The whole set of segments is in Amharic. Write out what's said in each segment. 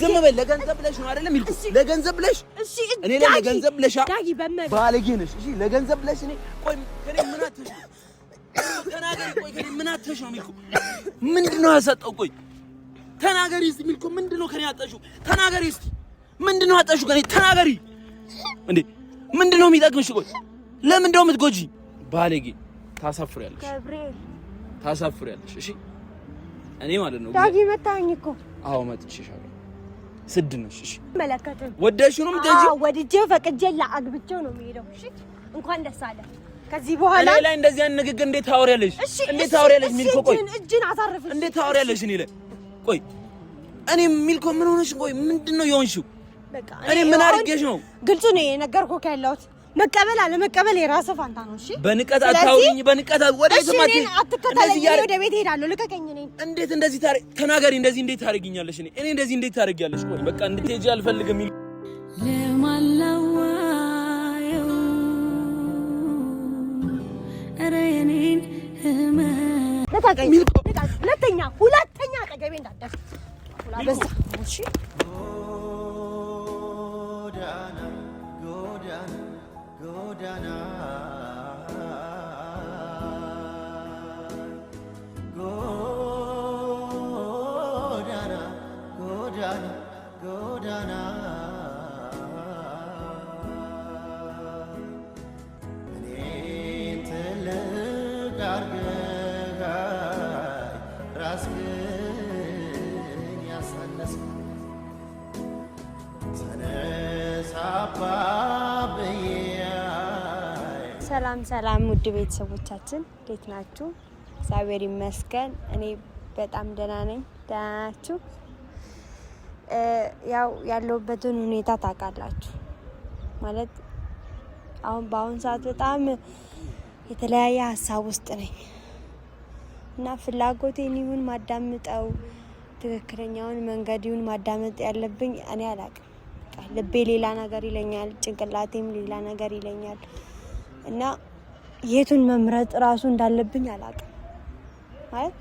ዝም በል። ለገንዘብ ብለሽ ነው አይደለም ይልኩት። ለገንዘብ ብለሽ እሺ፣ እኔ ለገንዘብ ብለሽ ዳጊ በመገ ባለጌ ነሽ። እሺ፣ ለገንዘብ ብለሽ እኔ ቆይ፣ ከኔ ምን አትሽ ተናገሪ። ቆይ፣ ከኔ ምን አትሽ ነው የሚልኩት? ምንድነው ያሰጠው? ቆይ ተናገሪ እስቲ የሚልኩት ምንድነው? ከኔ አጠሽው ተናገሪ እስቲ ምንድነው አጠሽው? ከኔ ተናገሪ እንዴ! ምንድነው የሚጠቅምሽ? ቆይ፣ ለምን የምትጎጂ ባለጌ ታሳፍሪያለሽ፣ ታሳፍሪያለሽ። እሺ፣ እኔ ማለት ነው ዳጊ መታኝ እኮ። አዎ መጥቼሻለሁ ስድ ነሽ። እሺ ወደሽ ነው ምደጂ? ወድጄ ፈቅጄ ነው የሚሄደው። እሺ እንኳን ደስ አለ። ከዚህ በኋላ ላይ እንደዚህ አይነት ንግግር እንዴት ታወሪያለሽ? እንዴት ታወሪያለሽ? ሚልኮ ቆይ፣ እጅን አሳርፍሽ። እንዴት ታወሪያለሽ? እኔ ላይ ቆይ፣ እኔ ሚልኮ ምን ሆነሽ? ቆይ ምንድን ነው የሆንሽው? እኔ ምን አድርጌሽ ነው? ግልጹ ነው የነገርኩህ ያለሁት መቀበል አለመቀበል የራስህ ፋንታ ነው። እሺ፣ በንቀት አታውኝ፣ በንቀት ወዴት ወደ አትከታለኝ። አትከተለኝ። ወደ ቤት እሄዳለሁ። ልቀቀኝ። እኔ እንዴት እንደዚህ ታሪ ተናገሪ፣ እንደዚህ እንዴት ታደርጊኛለሽ? እኔ እኔ እንደዚህ እንዴት ታደርጊያለሽ? ቆይ በቃ እንድትሄጂ አልፈልግም። ለማላዋየው ኧረ የኔን ህመም ልቀቀኝ። ሁለተኛ ሁለተኛ አጠገቤ እንዳትደርስ። ሁላ በዛ እሺ Go down. ሰላም ሰላም ውድ ቤተሰቦቻችን እንዴት ናችሁ? እግዚአብሔር ይመስገን እኔ በጣም ደህና ነኝ። ደህና ናችሁ? ያው ያለሁበትን ሁኔታ ታውቃላችሁ። ማለት አሁን በአሁን ሰዓት በጣም የተለያየ ሀሳብ ውስጥ ነኝ እና ፍላጎቴን ይሁን ማዳምጠው ትክክለኛውን መንገድ ማዳመጥ ያለብኝ እኔ አላውቅም። ልቤ ሌላ ነገር ይለኛል፣ ጭንቅላቴም ሌላ ነገር ይለኛል። እና የቱን መምረጥ እራሱ እንዳለብኝ አላውቅም። ማለት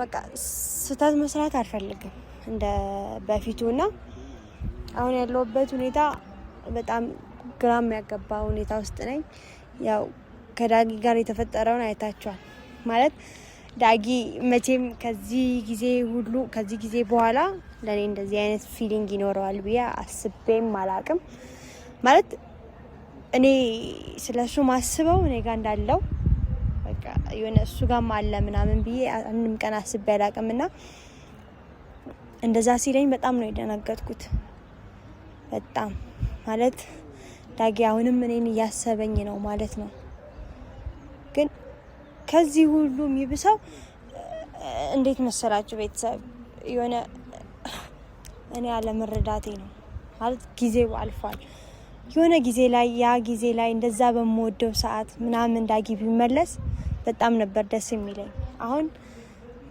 በቃ ስህተት መስራት አልፈልግም እንደ በፊቱ እና አሁን ያለሁበት ሁኔታ በጣም ግራም ያገባ ሁኔታ ውስጥ ነኝ። ያው ከዳጊ ጋር የተፈጠረውን አይታችኋል። ማለት ዳጊ መቼም ከዚህ ጊዜ ሁሉ ከዚህ ጊዜ በኋላ ለእኔ እንደዚህ አይነት ፊሊንግ ይኖረዋል ብዬ አስቤም አላቅም ማለት እኔ ስለ እሱ ማስበው እኔ ጋር እንዳለው በቃ የሆነ እሱ ጋም አለ ምናምን ብዬ አንድም ቀን አስቤ አላቅም። ና እንደዛ ሲለኝ በጣም ነው የደነገጥኩት። በጣም ማለት ዳጊ አሁንም እኔን እያሰበኝ ነው ማለት ነው። ግን ከዚህ ሁሉ የሚብሰው እንዴት መሰላችሁ ቤተሰብ የሆነ እኔ አለመረዳቴ ነው ማለት ጊዜው አልፏል። የሆነ ጊዜ ላይ ያ ጊዜ ላይ እንደዛ በምወደው ሰዓት ምናምን ዳጊ ቢመለስ በጣም ነበር ደስ የሚለኝ። አሁን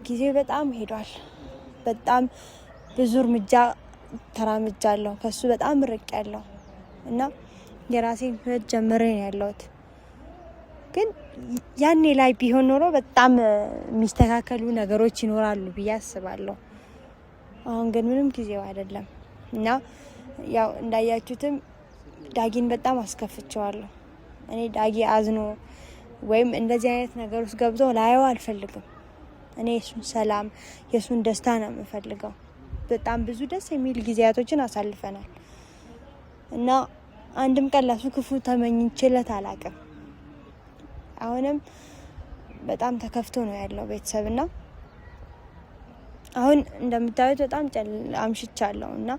ጊዜው በጣም ሄዷል። በጣም ብዙ እርምጃ ተራምጃ አለው ከሱ በጣም ርቅ ያለው እና የራሴን ህይወት ጀምሬ ነው ያለሁት። ግን ያኔ ላይ ቢሆን ኖሮ በጣም የሚስተካከሉ ነገሮች ይኖራሉ ብዬ አስባለሁ። አሁን ግን ምንም ጊዜው አይደለም እና ያው እንዳያችሁትም ዳጊን በጣም አስከፍቸዋለሁ እኔ ዳጊ አዝኖ ወይም እንደዚህ አይነት ነገር ውስጥ ገብቶ ላየው አልፈልግም። እኔ የሱን ሰላም የሱን ደስታ ነው የምፈልገው። በጣም ብዙ ደስ የሚል ጊዜያቶችን አሳልፈናል እና አንድም ቀን ለሱ ክፉ ተመኝችለት አላቅም። አሁንም በጣም ተከፍቶ ነው ያለው ቤተሰብ እና አሁን እንደምታዩት በጣም አምሽቻለሁ እና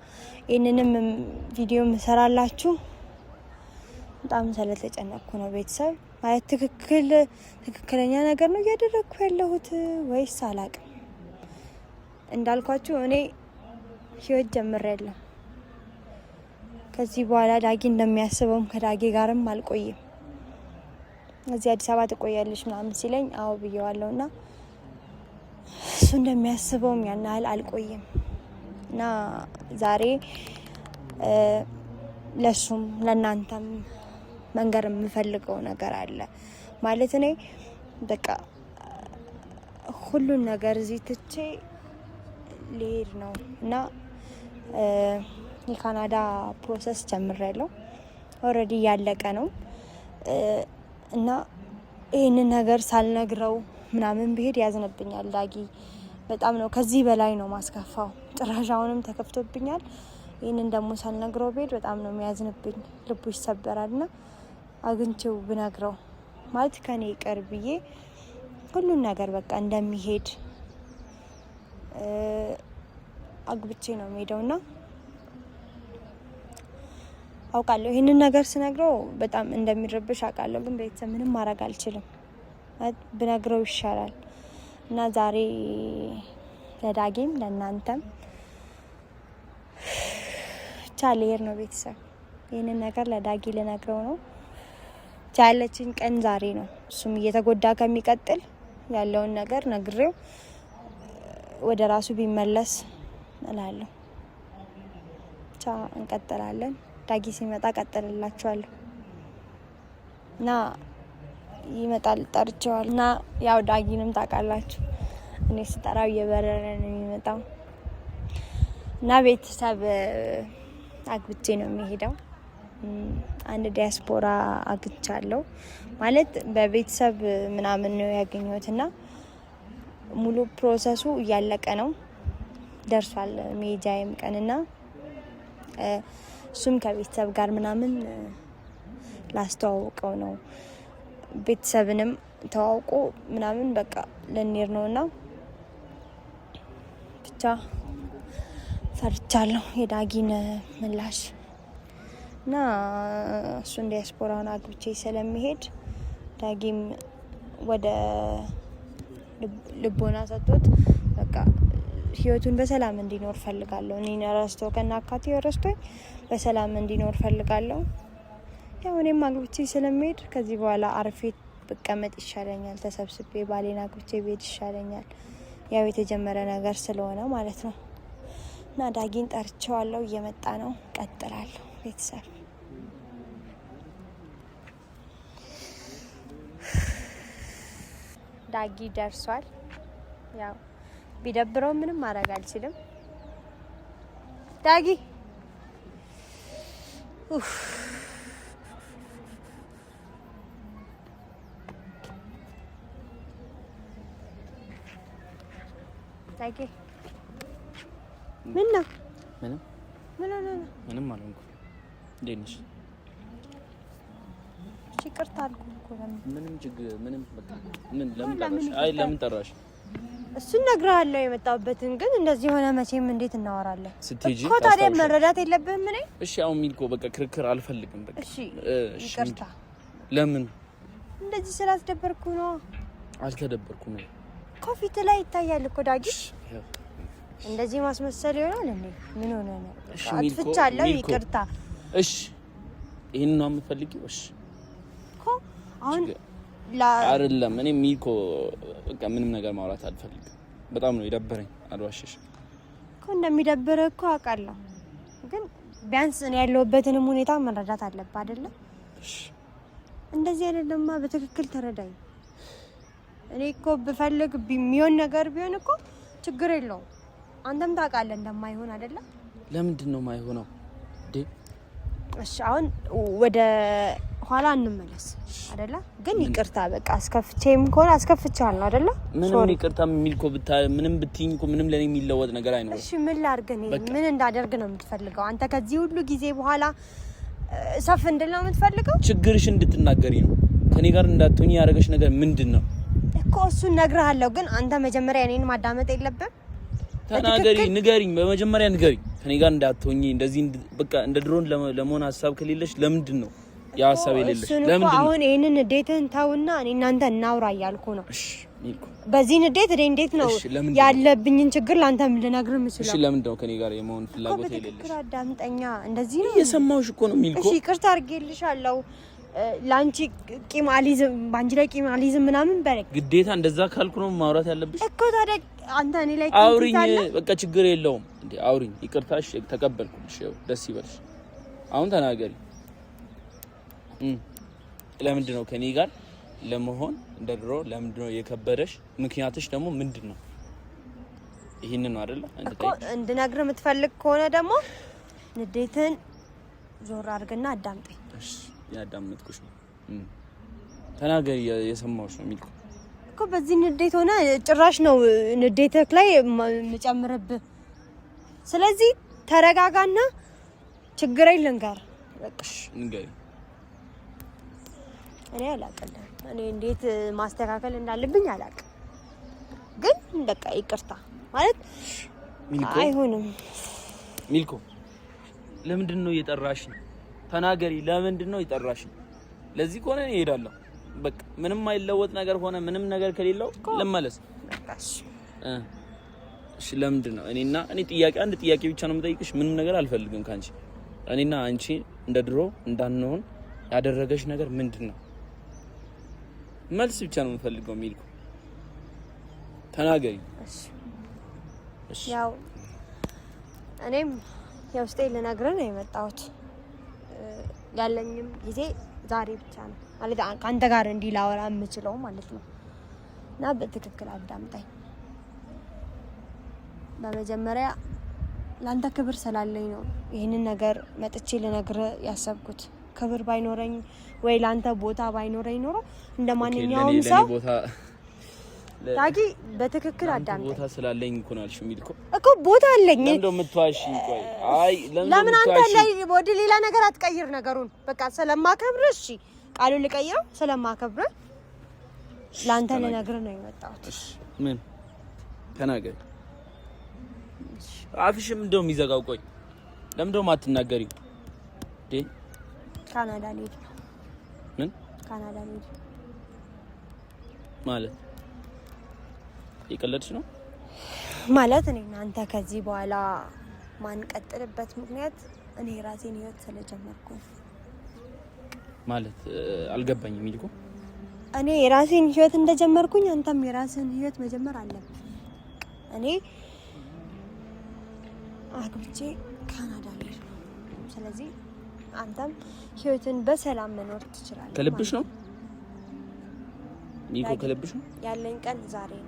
ይህንንም ቪዲዮ ምሰራላችሁ በጣም ስለተጨነቅኩ ነው። ቤተሰብ ማለት ትክክል ትክክለኛ ነገር ነው እያደረግኩ ያለሁት ወይስ አላቅም? እንዳልኳችሁ እኔ ህይወት ጀምሬያለሁ። ከዚህ በኋላ ዳጊ እንደሚያስበውም ከዳጌ ጋርም አልቆይም። እዚህ አዲስ አበባ ትቆያለች ምናምን ሲለኝ አዎ ብየዋለሁ። እና እሱ እንደሚያስበውም ያን ያህል አልቆይም እና ዛሬ ለሱም ለእናንተም መንገር የምፈልገው ነገር አለ ማለት እኔ በቃ ሁሉን ነገር እዚህ ትቼ ሊሄድ ነው እና የካናዳ ፕሮሰስ ጀምሬያለሁ። ኦልሬዲ እያለቀ ነው እና ይህንን ነገር ሳልነግረው ምናምን ብሄድ ያዝንብኛል። ዳጊ በጣም ነው፣ ከዚህ በላይ ነው ማስከፋው። ጭራሽ አሁንም ተከፍቶብኛል። ይህንን ደግሞ ሳልነግረው ብሄድ በጣም ነው የሚያዝንብኝ፣ ልቡ ይሰበራል ና አግኝቼው ብነግረው ማለት ከኔ ይቀር ብዬ ሁሉን ነገር በቃ እንደሚሄድ አግብቼ ነው የምሄደው እና አውቃለሁ። ይህንን ነገር ስነግረው በጣም እንደሚረብሽ አውቃለሁ፣ ግን ቤተሰብ ምንም ማድረግ አልችልም። ብነግረው ይሻላል እና ዛሬ ለዳጌም ለእናንተም ብቻ ነው ቤተሰብ። ይህንን ነገር ለዳጌ ልነግረው ነው። ያለችን ቀን ዛሬ ነው። እሱም እየተጎዳ ከሚቀጥል ያለውን ነገር ነግሬው ወደ ራሱ ቢመለስ እላለሁ። ብቻ እንቀጥላለን። ዳጊ ሲመጣ ቀጥልላችኋለሁ እና ይመጣል ጠርቸዋል እና ያው ዳጊንም ታውቃላችሁ እኔ ስጠራው እየበረረ ነው የሚመጣው እና ቤተሰብ አግብቼ ነው የሚሄደው። አንድ ዲያስፖራ አለው ማለት በቤተሰብ ምናምን ነው ያገኘሁት እና ሙሉ ፕሮሰሱ እያለቀ ነው ደርሷል። ሜጃይም ቀንና እሱም ከቤተሰብ ጋር ምናምን ላስተዋውቀው ነው። ቤተሰብንም ተዋውቆ ምናምን በቃ ልንሄድ ነው እና ብቻ ፈርቻለሁ የዳጊን ምላሽ እና እሱን ዲያስፖራውን አግብቼ ስለሚሄድ ዳጊም ወደ ልቦና ሰጥቶት በቃ ህይወቱን በሰላም እንዲኖር ፈልጋለሁ። እኔን ረስቶ ከና አካቴ ረስቶኝ በሰላም እንዲኖር ፈልጋለሁ። ያው እኔም አግብቼ ስለሚሄድ ከዚህ በኋላ አርፌት ብቀመጥ ይሻለኛል፣ ተሰብስቤ ባሌን አግብቼ ቤት ይሻለኛል። ያው የተጀመረ ነገር ስለሆነ ማለት ነው እና ዳጊን ጠርቸዋለሁ። እየመጣ ነው። ቀጥላለሁ ቤተሰብ ዳጊ ደርሷል። ያው ቢደብረው ምንም ማድረግ አልችልም። ዳጊ ዳጊ ምን ነው? ምንም ምንም አልሆንኩም። እንዴት ነሽ? ጠፋች። ይቅርታ አልኩህ እኮ ምንም ችግር ምንም በቃ ምን ለምን ጠራሽ? አይ ለምን ጠራሽ? እሱን ግን እንደዚህ ሆነ መቼም እንዴት እናወራለን ስትሄጂ እኮ ታዲያ መረዳት የለብህም እኔ እሺ አሁን ሚልኮ በቃ ክርክር አልፈልግም በቃ እሺ ይቅርታ ለምን እንደዚህ ስላስደበርኩ ነው አልተደበርኩም እኮ ፊት ላይ ይታያል እኮ ዳጊ እንደዚህ ማስመሰል ይሆናል እንዴ ምን ሆነ ነው አጥፍቻለሁ ይቅርታ እሺ ይሄን ነው የምፈልጊው እሺ አሁን አይደለም እኔ ሚኮ በቃ ምንም ነገር ማውራት አልፈልግም። በጣም ነው የደበረኝ። አልዋሽሽ እኮ እንደሚደብር እኮ አውቃለሁ፣ ግን ቢያንስ እኔ ያለሁበትንም ሁኔታ መረዳት አለብህ አይደለም። እንደዚህ አይደለማ። በትክክል ተረዳኝ። እኔ እኮ ብፈልግ የሚሆን ነገር ቢሆን እኮ ችግር የለውም። አንተም ታውቃለህ እንደማይሆን አይደለም። ለምንድን ነው ማይሆነው? እሺ አሁን ወደ ኋላ እንመለስ አይደለ? ግን ይቅርታ በቃ አስከፍቼም ከሆነ አስከፍቻለሁ አይደለ? ምንም ይቅርታ የሚል እኮ ብታ ምንም ብትይኝ እኮ ምንም ለኔ የሚለወጥ ነገር አይኖር። እሺ ምን ላድርግ? እኔ ምን እንዳደርግ ነው የምትፈልገው አንተ? ከዚህ ሁሉ ጊዜ በኋላ ሰፍ እንድል ነው የምትፈልገው? ችግርሽ እንድትናገሪ ነው። ከኔ ጋር እንዳትሆኝ ያደረገሽ ነገር ምንድን ነው እኮ? እሱን እነግርሃለሁ። ግን አንተ መጀመሪያ እኔን ማዳመጥ የለብም? ተናገሪ፣ ንገሪኝ። በመጀመሪያ ንገሪኝ። ከኔ ጋር እንዳትሆኝ እንደዚህ በቃ እንደ ድሮን ለመሆን ሀሳብ ከሌለሽ ለምንድን ነው የሀሳብ የሌለሽ ለምን አሁን ይሄንን ንዴትህን ተውና እኔ እናንተ እናውራ እያልኩ ነው። በዚህ ንዴት እኔ እንዴት ነው ያለብኝን ችግር ለአንተም ልነግርህ የምችለው? እሺ ለምንድን ነው ከኔ ጋር የመሆን ፍላጎት የሌለሽ? አዳምጠኛ እንደዚህ ነው እየሰማሁሽ እኮ ነው ሚልኮ። እሺ ይቅርታ አድርጌልሻለሁ። ለአንቺ ቂማሊዝም አልይዝም፣ በአንቺ ላይ ቂም ምናምን በለኝ። ግዴታ እንደዛ ካልኩ ነው ማውራት ያለብሽ እኮ። ታዲያ አንተ እኔ ላይ አውሪኝ፣ በቃ ችግር የለውም። እንዴ አውሪኝ። ይቅርታሽ ተቀበልኩልሽ፣ ደስ ይበልሽ። አሁን ተናገሪ ለምንድን ነው ከኔ ጋር ለመሆን እንደ ድሮ ለምንድን ነው የከበደሽ? ምክንያትሽ ደግሞ ምንድን ነው? ይህንን ነው አይደለ እንድነግር የምትፈልግ ከሆነ ደግሞ ንዴትን ዞር አድርግና አዳምጠኝ። ያዳምጥኩሽ ነው ተናገሪ፣ የሰማሁሽ ነው የሚል እኮ በዚህ ንዴት ሆነ ጭራሽ ነው ንዴትህ ላይ የምጨምርብህ። ስለዚህ ተረጋጋና ችግረኝ ልንገር በቃሽ። እኔ አላቅልም። እኔ እንዴት ማስተካከል እንዳለብኝ አላቅ። ግን በቃ ይቅርታ ማለት አይሆንም። ሚልኮ ለምንድን ነው የጠራሽ? ተናገሪ። ለምንድን ነው የጠራሽ? ለዚህ ከሆነ እኔ እሄዳለሁ። በቃ ምንም አይለወጥ ነገር ሆነ ምንም ነገር ከሌለው ልመለስ። እሺ ለምንድን ነው እኔና እኔ ጥያቄ አንድ ጥያቄ ብቻ ነው የምጠይቅሽ። ምንም ነገር አልፈልግም ካንቺ። እኔና አንቺ እንደ ድሮ እንዳንሆን ያደረገሽ ነገር ምንድን ነው? መልስ ብቻ ነው የምፈልገው። የሚልኩ ተናገሪ። ያው እኔም የውስጤ ልነግርህ ነው የመጣሁት። ያለኝም ጊዜ ዛሬ ብቻ ነው ማለት ከአንተ ጋር እንዲህ ላወራ የምችለው ማለት ነው። እና በትክክል አዳምጠኝ። በመጀመሪያ ለአንተ ክብር ስላለኝ ነው ይህንን ነገር መጥቼ ልነግርህ ያሰብኩት። ክብር ባይኖረኝ ወይ ላንተ ቦታ ባይኖረኝ ኖሮ እንደ ማንኛውም ሰው ዳጊ በትክክል አዳም ቦታ ስላለኝ እኮ ነው አልሽ የሚል እኮ ቦታ አለኝ። ለምን አንተ ላይ ወደ ሌላ ነገር አትቀይር ነገሩን። በቃ ስለማከብር፣ እሺ ቃሉን ልቀይረው። ስለማከብር ላንተ ልነግርህ ነው የመጣሁት። ምን ተናገር። አፍሽም እንደውም ይዘጋው። ቆይ ለምን እንደውም አትናገሪው? ካናዳ ልሄድ ነው። ምን ካናዳ ልሄድ ማለት የቀለድሽ ነው ማለት እኔ እናንተ ከዚህ በኋላ ማንቀጥልበት ምክንያት እኔ ራሴን ህይወት ስለጀመርኩ ማለት አልገባኝም። ይልኩ እኔ የራሴን ህይወት እንደጀመርኩኝ አንተም የራስህን ህይወት መጀመር አለብን። እኔ አግብቼ ካናዳ ልሄድ ነው። ስለዚህ አንተም ህይወትን በሰላም መኖር ትችላለህ። ከልብሽ ነው ሚልኮ፣ ከልብሽ ነው ያለኝ ቀን ዛሬ ነው።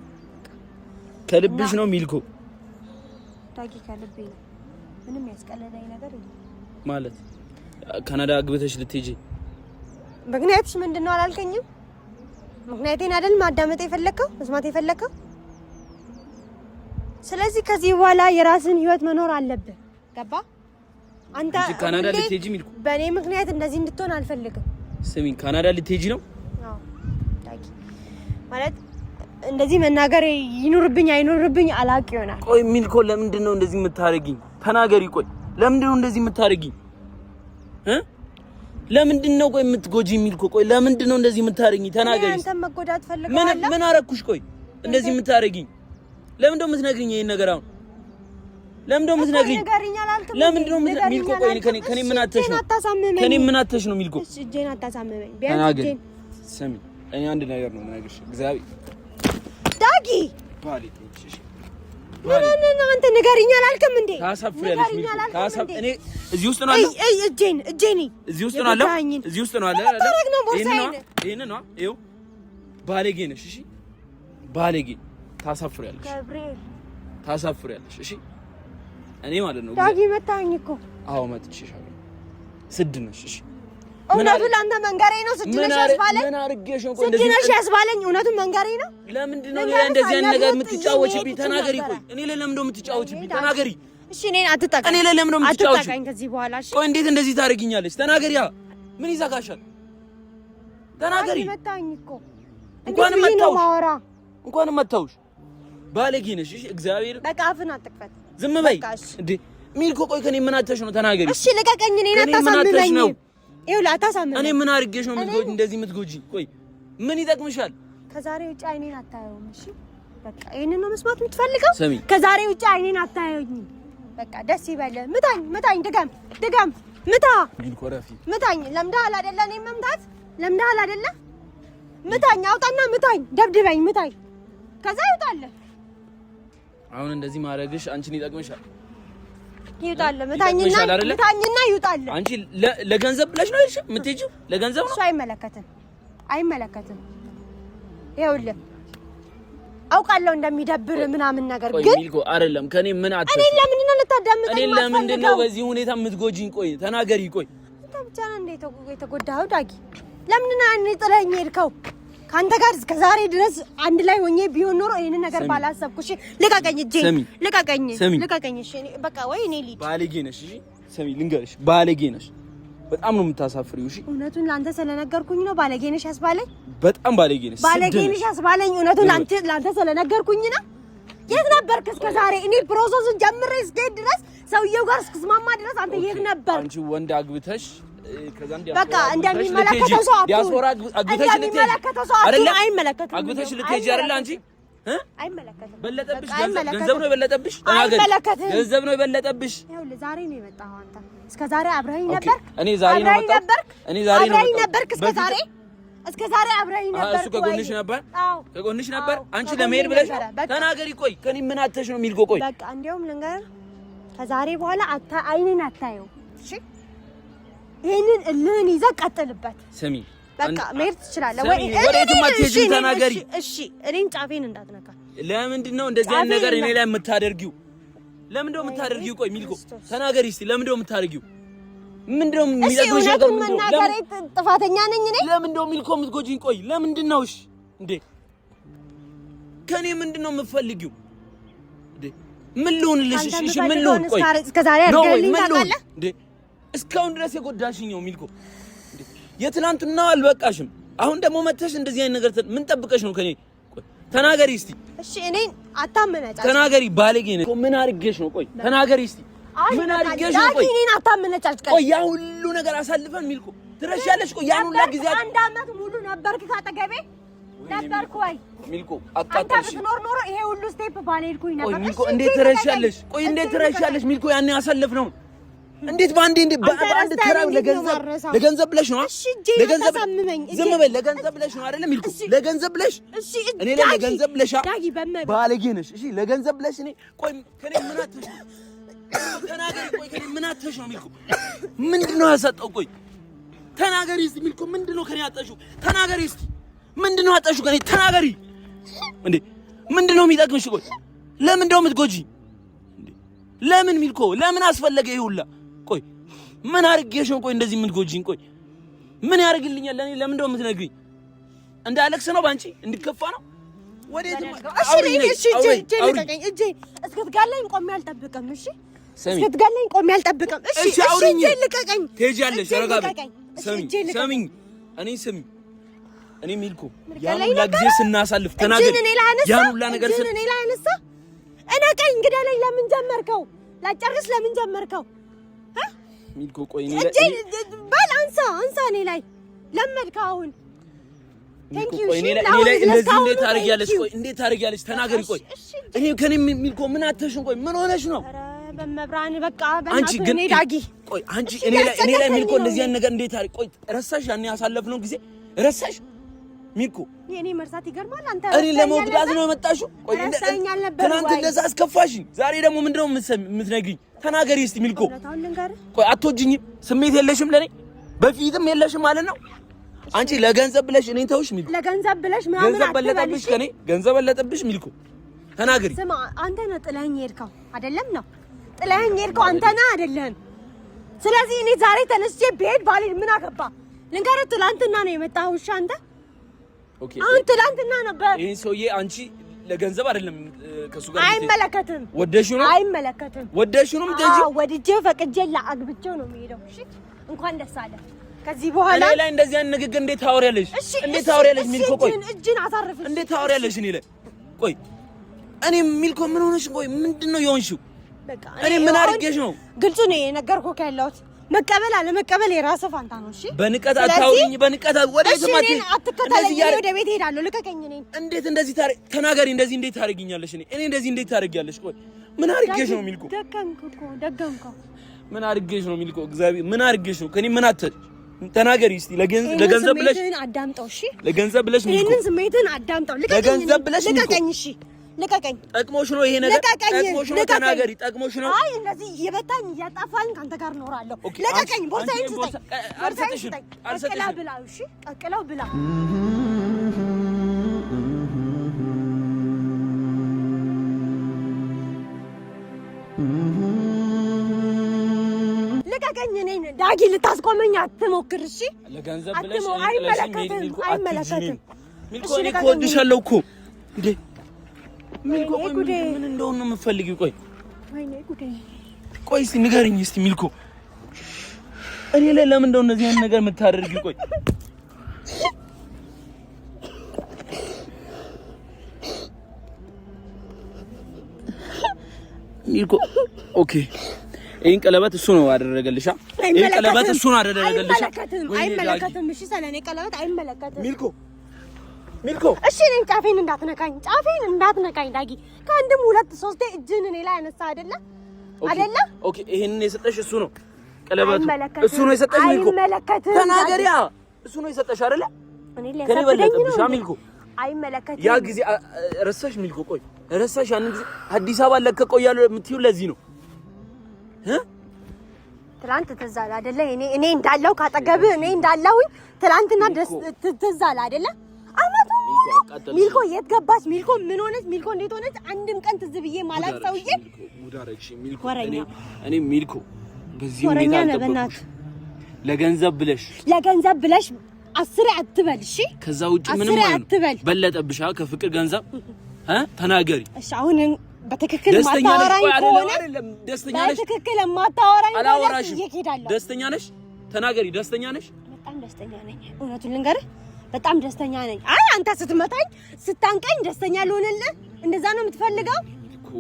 ከልብሽ ነው ሚልኮ ዳጊ፣ ከልቤ ነው። ምንም ያስቀለዳኝ ነገር የለም። ማለት ካናዳ አግብተሽ ልትሄጂ ምክንያትሽ ምንድን ነው አላልከኝም? ምክንያቴን አይደል ማዳመጥ የፈለከው መስማት የፈለከው? ስለዚህ ከዚህ በኋላ የራስን ህይወት መኖር አለብህ። ገባ አንተ ካናዳ ልትሄጂ ሚልኩ በእኔ ምክንያት እንደዚህ እንድትሆን አልፈልግም። ስሚኝ፣ ካናዳ ልትሄጂ ነው ማለት እንደዚህ መናገር ይኑርብኝ አይኑርብኝ አላቅ ይሆናል። ቆይ ሚልኮ፣ ለምንድን ነው እንደዚህ የምታደርጊኝ? ተናገሪ። ቆይ ለምንድን ነው እንደዚህ የምታደርጊኝ? ለምንድን ነው ቆይ የምትጎጂ ሚልኮ? ቆይ ለምንድን ነው እንደዚህ የምታደርጊኝ? ተናገሪ። ምን አረኩሽ? ቆይ እንደዚህ የምታደርጊኝ ለምንድን ነው የምትነግሪኝ ይሄን ነገር አሁን ለምን ደሞ ሚልኮ፣ ከኔ ምን አተሽ ነው? ከኔ ምን አተሽ ነው ቢያንስ አንድ ነገር ነው የምነግርሽ። እግዚአብሔር ዳጊ ባሊ አንተ ንገሪኝ አላልክም እንዴ? ታሳፍሪያለሽ ታሳፍ እኔ እዚህ ውስጥ ነው አለ። እጄን እጄን እዚህ ውስጥ ነው አለ። እዚህ ውስጥ ነው አለ። ነው ይሄን ነው ባለጌ ነሽ። እሺ ባለጌ። ታሳፍሪያለሽ፣ ታሳፍሪያለሽ። እሺ እኔ ማለት ነው ዳጊ መታኝ እኮ። አዎ መጥቼሻለሁ። ስድ ነሽ። እሺ እውነቱን ለአንተ መንገሬ ነው። ስድ ነሽ ያስባለኝ፣ ስድ ነሽ ያስባለኝ እውነቱን መንገሬ ነው። ለምንድን ነው ሌላ እንደዚህ አይነት ነገር የምትጫወችብኝ? ተናገሪ። ቆይ እኔ ላይ ለምን ነው የምትጫወችብኝ? ተናገሪ። እሺ እኔን አትጠቀኝ። እኔ ላይ ለምን ነው የምትጫወች? ከዚህ በኋላ እሺ። ቆይ እንዴት እንደዚህ ታደርጊኛለሽ? ተናገሪ። ያ ምን ይዘጋሻል? ተናገሪ። መታኝ እኮ እንኳን መታውሽ፣ እንኳን መታውሽ። ባለጌ ነሽ። እሺ እግዚአብሔር በቃ አፍን አትክፈት ዝም በይ እንዴ ሚልኮ፣ ቆይ ከኔ ምን አተሽ ነው ተናገሪ። እሺ ልቀቀኝ። እኔ አታሳምነኝ። ይኸውልህ አታሳምነኝ። እኔ ምን አድርጌሽ ነው እንደዚህ የምትጎጂ? ቆይ ምን ይጠቅምሻል? ከዛሬ ውጭ አይኔን አታየውም። እሺ በቃ ይሄንን ነው መስማት የምትፈልገው? ከዛሬ ውጭ አይኔን አታየውኝ። በቃ ደስ ይበል። ምታኝ፣ ምታኝ፣ ድገም፣ ድገም፣ ምታ። ሚልኮ ረፊ፣ ምታኝ። ለምደሃል አይደለ? እኔን መምታት ለምደሃል አይደለ? ምታኝ፣ አውጣና ምታኝ፣ ደብድበኝ፣ ምታኝ። ከዛ ይውጣልህ አሁን እንደዚህ ማድረግሽ አንቺን ይጠቅምሻል። ይውጣል መታኝና መታኝና ይውጣል። አንቺ ለገንዘብ ብለሽ ነው እሺ የምትሄጂው? ለገንዘብ ነው። እሱ አይመለከትም፣ አይመለከትም። ይኸውልህ አውቃለሁ እንደሚደብር ምናምን ነገር ግን ሚልኮ አይደለም ከኔ ምን አትልም። እኔ ለምንድን ነው ልታዳምጠኝ? እኔ ለምንድን ነው በዚህ ሁኔታ የምትጎጂኝ? ቆይ ተናገሪ። ቆይ ብቻ ነው እንደ የተጎዳኸው ዳጊ። ለምንድን ነው ጥለኸኝ ሄድከው? ከአንተ ጋር እስከ ዛሬ ድረስ አንድ ላይ ሆኜ ቢሆን ኖሮ ይሄንን ነገር ባላሰብኩ። እሺ ልቀቀኝ፣ እጄ ልቀቀኝ፣ ልቀቀኝ። እሺ በቃ ወይ እኔ ልሂድ። ባለጌ ነሽ። እሺ ስሚ ልንገርሽ፣ ባለጌ ነሽ። በጣም ነው የምታሳፍሪው። እሺ እውነቱን ላንተ ስለነገርኩኝ ነው ባለጌ ነሽ ያስባለኝ። በጣም ባለጌ ነሽ፣ ባለጌ ነሽ ያስባለኝ። እውነቱን ላንተ ላንተ ስለነገርኩኝ ነው። የት ነበርክ እስከ ዛሬ? እኔ ፕሮሰሱን ጀምሬ እስከ ድረስ ሰውየው ጋር እስክስማማ ድረስ አንተ የት ነበር? አንቺ ወንድ አግብተሽ በቃ እንደሚመለከተው ሰው ዲያስፖራ አግብተሽ እንደሚመለከተው አይመለከትም። አግብተሽ ልትሄጂ አይደለ አንቺ አይመለከትም። በለጠብሽ፣ ገንዘብ ነው የበለጠብሽ። ይኸውልህ ዛሬ ነው የመጣኸው አንተ። እስከ ዛሬ አብረኸኝ ነበር። እሱ ከጎንሽ ነበር፣ ከጎንሽ ነበር። አንቺ ለመሄድ ብለሽ ተናገሪ። ቆይ ከኔ ምን አተሽ ነው የሚልጎ? ቆይ በቃ እንደውም ልንገርህ፣ ከዛሬ በኋላ አታ አይኔን አታየው። እሺ ይሄንን እልህን ይዘህ ቀጥልበት። ስሚ በቃ መሄድ ትችላለህ ወይ? ወዴትም አትሄጂም፣ ተናገሪ። እሺ እኔን ጫፌን እንዳትነካ። ለምንድን ነው እንደዚህ አይነት ነገር እኔ ላይ የምታደርጊው? ለምንድን ነው የምታደርጊው? ቆይ ሚልኮ ተናገሪ እስኪ፣ ለምንድን ነው የምታደርጊው? ምንድን ነው የሚያደርጉሽ ነገር? መናገሬ ጥፋተኛ ነኝ እኔ? ለምንድን ነው ሚልኮ የምትጎጂኝ? ቆይ ለምንድን ነው እሺ? እንዴ ከኔ ምንድን ነው የምትፈልጊው? እንዴ ምን ልሁንልሽ? እሺ ምን ልሁን? ቆይ እስከ አርገልኝ አድርገልኝ እንዴ እስካሁን ድረስ የጎዳሽኝ ነው የሚል እኮ የትናንቱና አልበቃሽም። አሁን ደግሞ መተሽ እንደዚህ አይነት ነገር ምን ጠብቀሽ ነው ከኔ? ተናገሪ እስቲ። እሺ እኔን አታመነጫ። ተናገሪ ባለጌ ነሽ። ምን አርገሽ ነው? ቆይ ተናገሪ እስቲ። ምን አርገሽ ነው? ቆይ እኔን አታመነጫጭ። ቆይ ያ ሁሉ ነገር አሳልፈን ሚልኮ ትረሻለሽ። ቆይ ያን ሁሉ ጊዜ አንድ አመት ሙሉ ነበርክ ካጠገቤ ነበርኩ። ወይ ሚልኮ? አጣጣሽ ኖር ኖሮ ይሄ ሁሉ ስቴፕ ባልሄድኩኝ ነበር። ቆይ ሚልኮ እንዴት ትረሻለሽ? ቆይ እንዴት ትረሻለሽ ሚልኮ? ያኔ አሳልፍ ነው እንዴት ባንዴ እንዴ ባንዴ ተራው ለገንዘብ ለገንዘብ ብለሽ ነው ለገንዘብ ዝም በል ለገንዘብ ብለሽ ነው አይደለም ይልኩ ለገንዘብ ብለሽ እሺ እኔ ለገንዘብ ብለሽ ባለጌ ነሽ እሺ ለገንዘብ ብለሽ እኔ ቆይ ከኔ ምን አትሽ ተናገሪ ቆይ ከኔ ምን አትሽ ነው የሚልኩ ምንድነው ያሰጠው? ቆይ ተናገሪ እስቲ የሚልኩ ምንድነው ከኔ አጠሹ ተናገሪ እስቲ ምንድነው ነው ከኔ ተናገሪ እንዴ ምንድነው የሚጠቅምሽ ቆይ ለምን እንደው የምትጎጂ ለምን ሚልኮ ለምን አስፈለገ ይሁላ ምን አርጌሽ ነው? ቆይ እንደዚህ የምትጎጂኝ? ቆይ ምን ያደርግልኛል? ለኔ ለምን እንደው የምትነግሪኝ? እንዳለቅስ ነው ባንቺ እንድከፋ ነው? ወዴት ነው? እሺ እሺ፣ እጄ ልቀቀኝ። እጄ እስክትጋለኝ ቆሜ አልጠብቅም። እሺ እስክትጋለኝ ቆሜ አልጠብቅም። እሺ እሺ፣ እጄ ልቀቀኝ። ትሄጃለሽ። ረጋቢ ሰሚኝ፣ ሰሚኝ፣ እኔ ስሚ እኔ ሚልኩ ያን ሁላ ጊዜ ስናሳልፍ ተናገር። ያን ሁላ ነገር ስን እኔ ላነሳ እኔ ቀኝ እንግዳ ላይ ለምን ጀመርከው? ላጨርስ ለምን ጀመርከው? ሚልኮ ቆይ ላይ በል አንሳ አንሳ እኔ ላይ አሁን ተናገሪ። ቆይ እኔ ከኔ ሚልኮ ምን አተሽን? ቆይ ምን ሆነሽ ነው? በመብራን በቃ አንቺ ግን ዳጊ ቆይ አንቺ እኔ ላይ ሚልኮ እንደዚህ ነገር እንዴት ታደርጊ? ቆይ ረሳሽ? ያኔ ያሳለፍነው ጊዜ ረሳሽ? ሚኮ የኔ መርሳት ይገርማል። አንተ እኔ ለመውደድ ነው የመጣሽው። ቆይ ትናንት እንደዛ አስከፋሽኝ፣ ዛሬ ደግሞ ምንድነው የምትነግሪኝ? ተናገሪ እስቲ ሚልኮ። ቆይ አትወጂኝም፣ ስሜት የለሽም ለኔ፣ በፊትም የለሽም ማለት ነው። አንቺ ለገንዘብ ብለሽ እኔን ተውሽ ሚልኮ፣ ለገንዘብ ብለሽ ምናምን ገንዘብ በለጠብሽ ከኔ፣ ገንዘብ በለጠብሽ ሚልኮ። ተናገሪ። ስማ አንተ ነህ ጥለኸኝ የሄድከው አይደለም? ነው ጥለኸኝ የሄድከው አንተ ነህ አይደለም? ስለዚህ እኔ ዛሬ ተነስቼ ብሄድ ባልሄድ ምን አገባ? ልንገርህ፣ ትናንትና ነው የመጣኸው። እሺ አንተ አሁን ትላንትና ነበር። ይሄን ሰውዬ አንቺ ለገንዘብ አይደለም ከሱ ጋር አይመለከትም። ወደሽ ነው አይመለከትም። ወደሽ ነው ምትጂ? ወድጄ ፈቅጄ አግብቼው ነው የሚሄደው። እሺ እንኳን ደስ አለ። ከዚህ በኋላ እኔ ላይ እንደዚህ አይነት ንግግር እንዴት ታወሪያለሽ? እንዴት ታወሪያለሽ? ሚልኮ ቆይ፣ እጅን አሳርፍ። እንዴት ታወሪያለሽ? እኔ ላይ ቆይ፣ እኔ ሚልኮ ምን ሆነሽ? ቆይ ምንድነው የሆንሽው? እኔ ምን አድርጌሽ ነው? ግልጹ ነው የነገርኩህ ያለሁት መቀበል አለመቀበል የራስህ ፋንታ ነው። እሺ፣ በንቀት አታውኝ፣ በንቀት ወደ ቤት አትከታተለኝ። ወደ ቤት ሄዳለሁ። ልቀቀኝ። እኔ እንዴት እንደዚህ ታሪ ተናገሪ። እንደዚህ እንዴት ታደርጊኛለሽ? እኔ እኔ እንደዚህ እንዴት ታደርጊያለሽ? ቆይ ምን አርገሽ ነው የሚልከው? ደገምክ እኮ ደገምክ። ምን አርገሽ ነው የሚልከው? እግዚአብሔር ምን አርገሽ ነው ከኔ ምን አተ ተናገሪ እስቲ። ለገንዘብ ብለሽ አዳምጠው። እሺ፣ ለገንዘብ ብለሽ ይሄንን ስሜትን አዳምጠው። ልቀቀኝ፣ ልቀቀኝ። እሺ ልቀቀኝ። ጠቅሞሽ ነው ይሄ ነገር? ጠቅሞሽ ነው ተናገሪ። ጠቅሞሽ ነው? አይ እንደዚህ የበታኝ እያጣፋኝ ከአንተ ጋር እኖራለሁ። ልቀቀኝ። ቦርሳዬን ስጠኝ። ቦርሳዬን ስጠኝ። ቀቅላ ብላ። እሺ ቀቅላው ብላ ልቀቀኝ። እኔን ዳጊ ልታስቆመኝ አትሞክር። እሺ ለገንዘብ ብለሽ አይመለከትም። አይመለከትም። እሺ ልቀቀኝ። እወድሻለሁ እኮ እንዴ ሚልኮ ምን እንደሆነ ነው የምትፈልጊው? ቆይ ቆይ እስኪ ንገሪኝ እስኪ ሚልኮ እኔ ላይ ለምን እንደው እንደዚህ አይነት ነገር የምታደርጊው? ቆይ ሚልኮ ኦኬ ይህን ቀለበት እሱ ነው አደረገልሻ? ይህን ቀለበት እሱ ነው አደረገልሻ? አይመለከትም። እሺ ሰለኔ ቀለበት አይመለከትም ሚልኮ ሚልኮ እሺ፣ እኔን ጫፌን እንዳትነካኝ፣ ጫፌን እንዳትነካኝ። ዳጊ ከአንድም ሁለት ሶስቴ እጅን እኔ ላይ አነሳ አይደለ? አይደለ? ኦኬ፣ ይሄንን የሰጠሽ እሱ ነው። ቀለበቱ እሱ ነው የሰጠሽ። ሚልኮ ተናገሪያ፣ እሱ ነው የሰጠሽ አይደለ? እኔ ከኔ ነው። ሚልኮ። አይመለከትም። ያ ጊዜ ረሳሽ ሚልኮ? ቆይ ረሳሽ? ያንን ጊዜ አዲስ አበባ ለቀ ቆያለሁ የምትይው ለዚህ ነው እ ትላንት ትዝ አለ አይደለ? እኔ እኔ እንዳለው ካጠገብህ እኔ እንዳለሁኝ ትላንትና ትዝ አለ አይደለ? አመቱ ሚልኮ የት ገባች? ሚልኮ ምን ሆነች? ሚልኮ እንዴት ሆነች? አንድም ቀን ትዝ ብዬ ማላት ሰውዬ እኔ ሚልኮ በዚህ ሁኔታ አልጠበቅኩሽ። ለገንዘብ ብለሽ ለገንዘብ ብለሽ አስሬ አትበል እሺ። ከዛ ውጭ ምንም አትበል። በለጠብሽ ከፍቅር ገንዘብ ተናገሪ እሺ። አሁን በትክክል ማታወራኝ ከሆነ ደስተኛ ነሽ። በትክክል ማታወራኝ አላወራሽም። ደስተኛ ነሽ? ተናገሪ። ደስተኛ ነሽ? በጣም ደስተኛ ነኝ። እውነቱን ልንገርህ በጣም ደስተኛ ነኝ። አይ አንተ ስትመታኝ ስታንቀኝ ደስተኛ ልሆንልህ? እንደዛ ነው የምትፈልገው?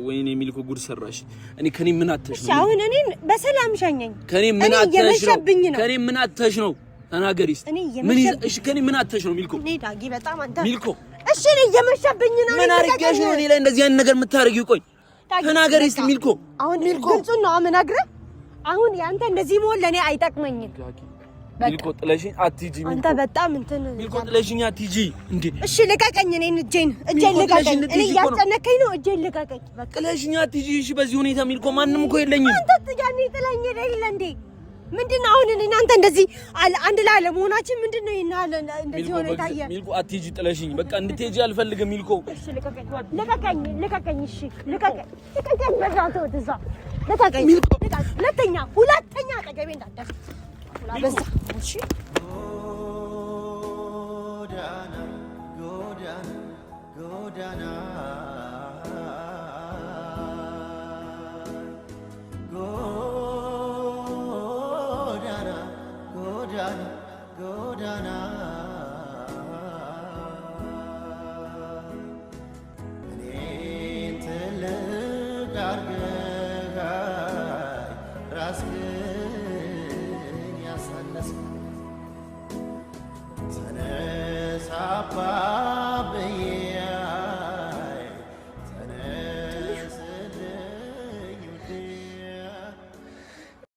ወይኔ ሚልኮ ጉድ ሰራሽ። እኔ ከኔ ምን አተሽ ነው? አሁን እኔ በሰላም ሸኘኝ። ከኔ ምን አተሽ ነው? ከኔ ምን አተሽ ነው? ተናገሪ እስኪ። ምን እሺ፣ ከኔ ምን አተሽ ነው ሚልኮ? እኔ ዳጊ በጣም አንተ ሚልኮ፣ እሺ፣ እኔ እየመሸብኝ ነው። ምን አርገሽ ነው እኔ ላይ እንደዚህ አይነት ነገር የምታደርጊው? ቆይ ተናገሪ እስኪ ሚልኮ። አሁን ግልጹን ነው የምነግርህ። አሁን ያንተ እንደዚህ መሆን ለእኔ አይጠቅመኝም። ሚልኮ ጥለሽኝ አትሂጂ። አንተ በጣም እንትን ሚልኮ ጥለሽኝ አትሂጂ እንዴ! እሺ ልቀቀኝ፣ እኔን እጄን እጄን ልቀቀኝ። እኔ እያስጨነቀኝ ነው። እጄን ልቀቀኝ። ጥለሽኝ አትሂጂ። እሺ፣ በዚህ ሁኔታ ሚልኮ ማንም እኮ የለኝም። አንተ ጥያኔ ጥለኝ የሌለ እንዴ ምንድን ነው አሁን? እኔና እንደዚህ አንድ ላይ ለመሆናችን ምንድን ነው ይሄን አለ እንደዚህ ሆነ ታየ። ሚልኮ አትሂጂ፣ ጥለሽኝ በቃ እንድትሄጂ አልፈልግም ሚልኮ። ልቀቀኝ፣ ልቀቀኝ፣ እሺ ልቀቀኝ፣ ልቀቀኝ። በዛው ተወት እዛ ልቀቀኝ። ሁለተኛ ሁለተኛ አጠገቤ እንዳትደርስ ጎዳና ጎዳና